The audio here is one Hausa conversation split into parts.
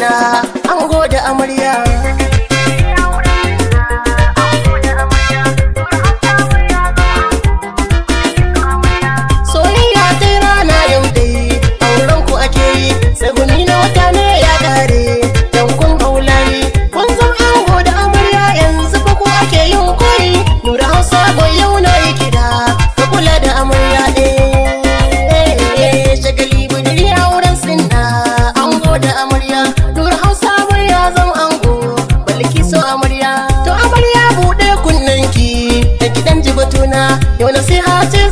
kaina when I see how to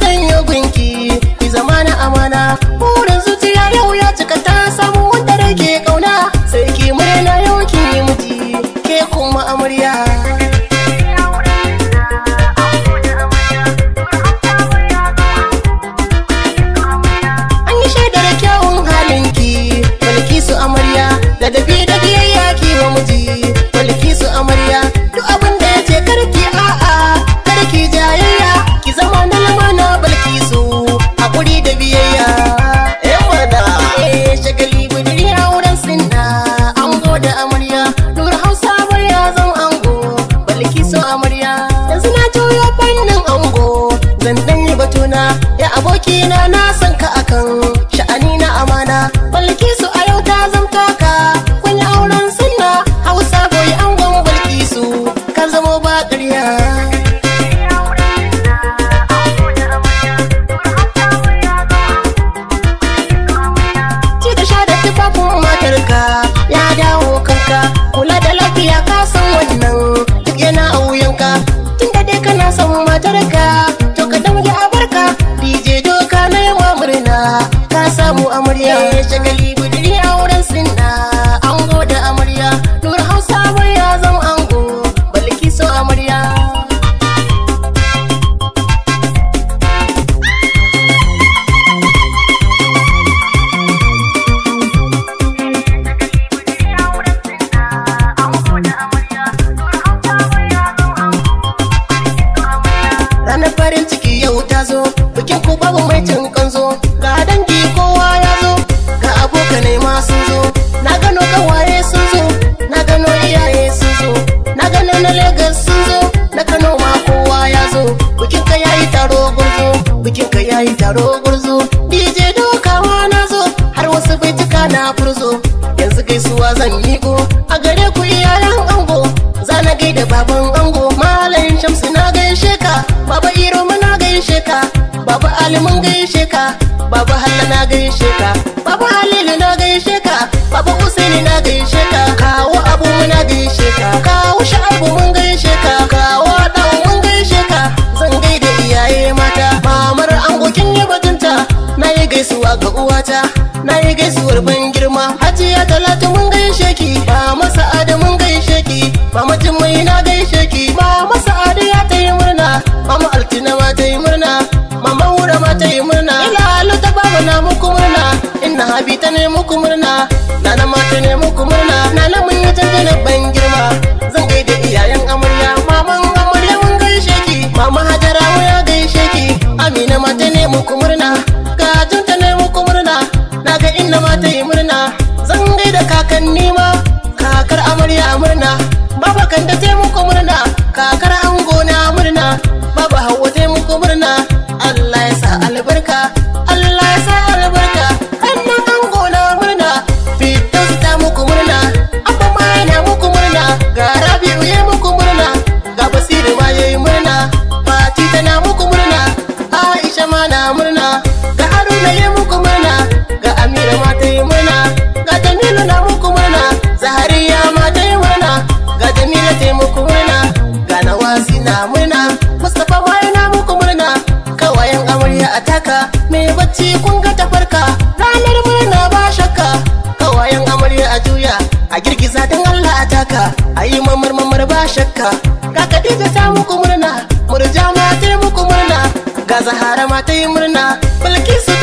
yeah gaisuwa zan go a gare ku iyalan ango za zana gaida baban ango malam shamsu na gaishe ka baba iro na gaishe ka baba ali mun gaishe ka baba halla na gaishe ka baba halilu na gaishe ka baba usaini na gaishe ga uwata na yi gaisuwar ban girma hajiya talatu mun gaishe ki ba masa ada mun gaishe ki mama mai na gaishe ki ba masa ada ya ta yi murna mama altina ma ta yi murna mama wura ma ta yi murna ilalu ta baba na muku murna inna habi ta ne muku murna nana ma ta ne muku murna nana mun yi tantana ban girma zan gaida iyayen amarya maman amarya mun gaishe ki mama a girgiza don Allah a taka a yi mamar mamar ba shakka ga Khadija ta muku murna murja ma ta muku murna ga Zahara ma ta yi murna Bilkisu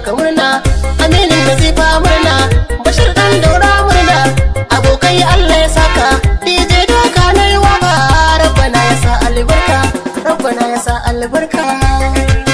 maka murna amini da zifa murna bashir dan daura murna abokai Allah ya saka DJ doka na yi waka rabbana ya sa albarka rabbana ya sa albarka